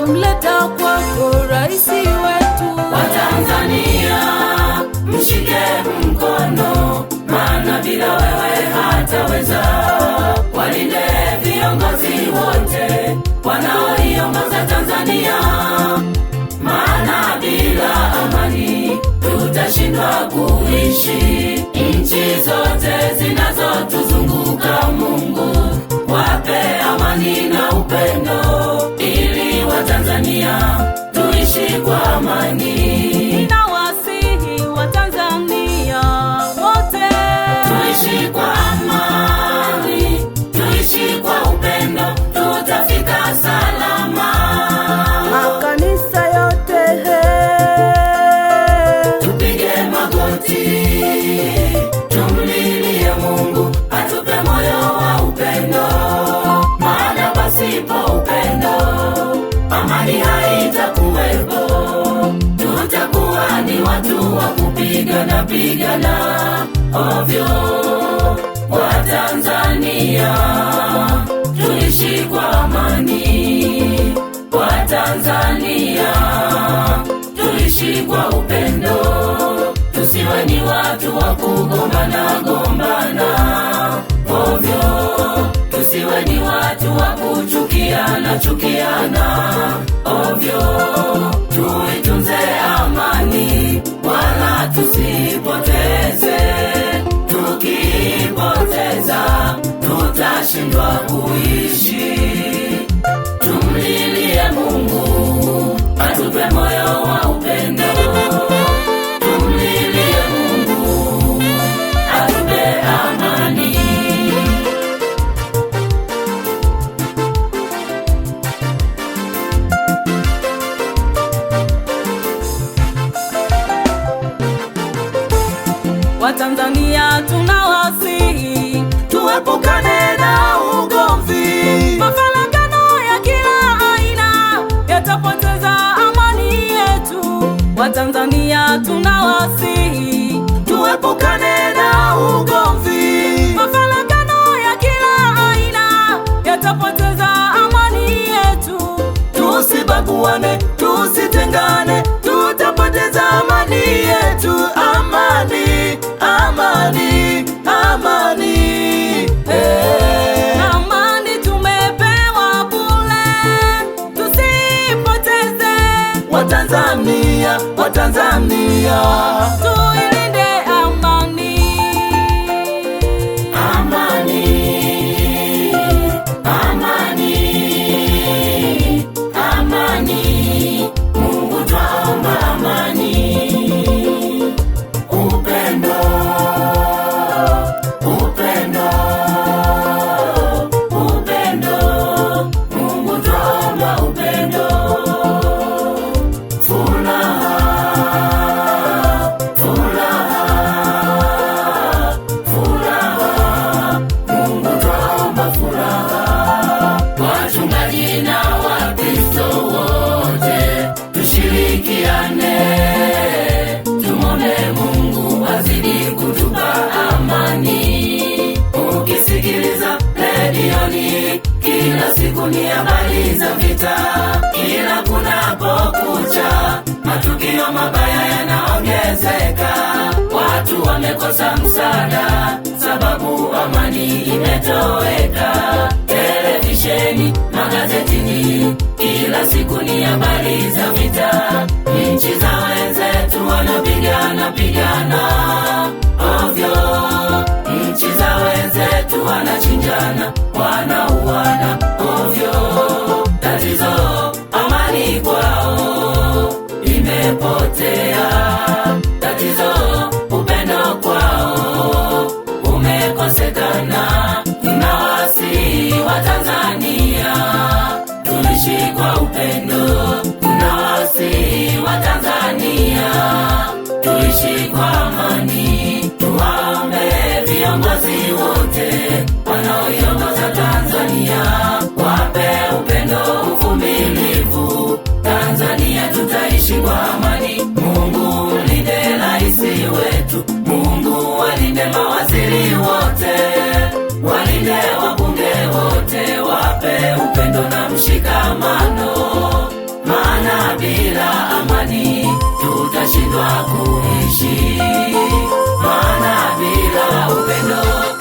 tutamleta kwako raisi wetu. tanzania mshike mkono, maana bila wewe hataweza. Walinde viongozi wote wanaoiongoza Tanzania, maana bila amani tutashindwa kuishi. Nchi zote zinazotuzunguka, Mungu wape amani na upendo. Tanzania tuishi kwa amani. pigana pigana ovyo wa Tanzania tuishi kwa amani wa Tanzania tuishi kwa upendo tusiwe ni watu wa kugombana gombana ovyo tusiwe ni watu wa kuchukiana chukiana ovyo tuitunze amani tusipoteze, tukipoteza tutashindwa kuishi. tuna tunawasihi tuepukane na ugomvi. Mafarakano ya kila aina yatapoteza amani yetu. Tusibaguane, tusitengane Hallelujah. msaada, sababu amani imetoweka. Televisheni, magazetini, kila siku ni habari za vita, nchi za wenzetu wanapigana pigana ovyo, nchi za wenzetu wanachinjana, wanauana ovyo. Tatizo amani kwao imepotea. viongozi wote wanaoiongoza Tanzania, wape upendo, uvumilivu. Tanzania tutaishi kwa amani. Mungu ulinde raisi wetu, Mungu walinde mawaziri wote, walinde wabunge wote, wape upendo na mshikamano, maana bila amani tutashindwa kuishi bila upendo